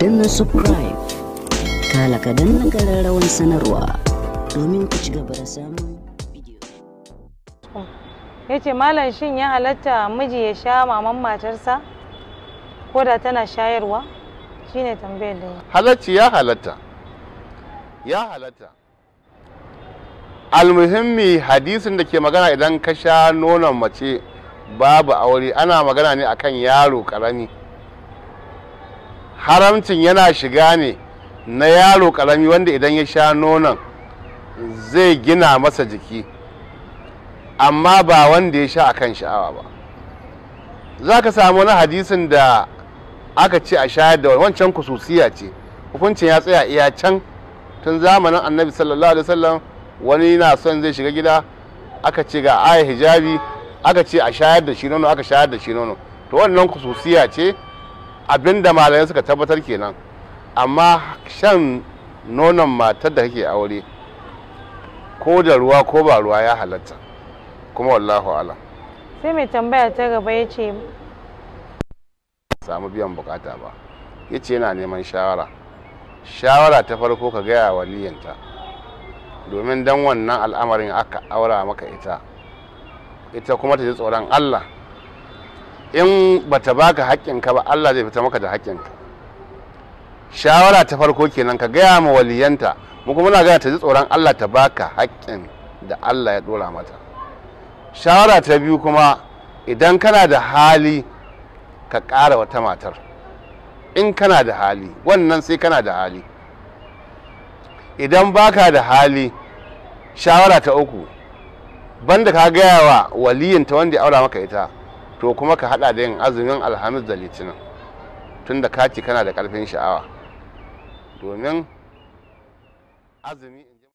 danna subscribe kala ka danna kararrawan sanarwa domin ku ci gaba da samun ya ce malam shin ya halatta miji ya sha maman matarsa ko da tana shayarwa shine tambayar da ya halacci ya halatta ya halatta almuhimmi hadisin da ke magana idan ka sha nonon mace babu aure ana magana ne akan yaro karami haramcin yana shiga ne na yaro karami wanda idan ya sha nonon zai gina masa jiki amma ba wanda ya sha akan sha'awa ba za ka samu wani hadisin da aka ce a shayar da wancan kususiya ce hukuncin ya tsaya iya can tun zamanin annabi sallallahu alaihi wasallam wani na son zai shiga gida aka ce ga aya hijabi aka ce a shayar da shi nono aka shayar da shi nono to wannan kususiya ce abinda malamai suka tabbatar kenan amma shan nonon matar da kake aure ko da ruwa ko ba ruwa ya halatta kuma wallahu ala sai mai tambaya ta gaba ya ce samu biyan bukata ba ya ce yana neman shawara shawara ta farko ka gaya wa liyanta, domin dan wannan al'amarin aka aura maka ita ita kuma ta ji tsoron allah in bata baka haƙƙinka ba Allah zai fita maka da haƙƙinka shawara ta farko kenan ka gaya ma waliyanta mu kuma muna gaya ta ji tsoron Allah ta baka haƙƙin da Allah ya ɗora mata shawara ta biyu kuma idan kana da hali ka ƙara wata matar in kana da hali wannan sai kana da hali idan baka da hali shawara ta uku banda ka gaya wa waliyinta wanda ya aura maka ita to kuma ka hada da yin azumin alhamis da litinin tunda kati kaci kana da karfin sha'awa domin azumi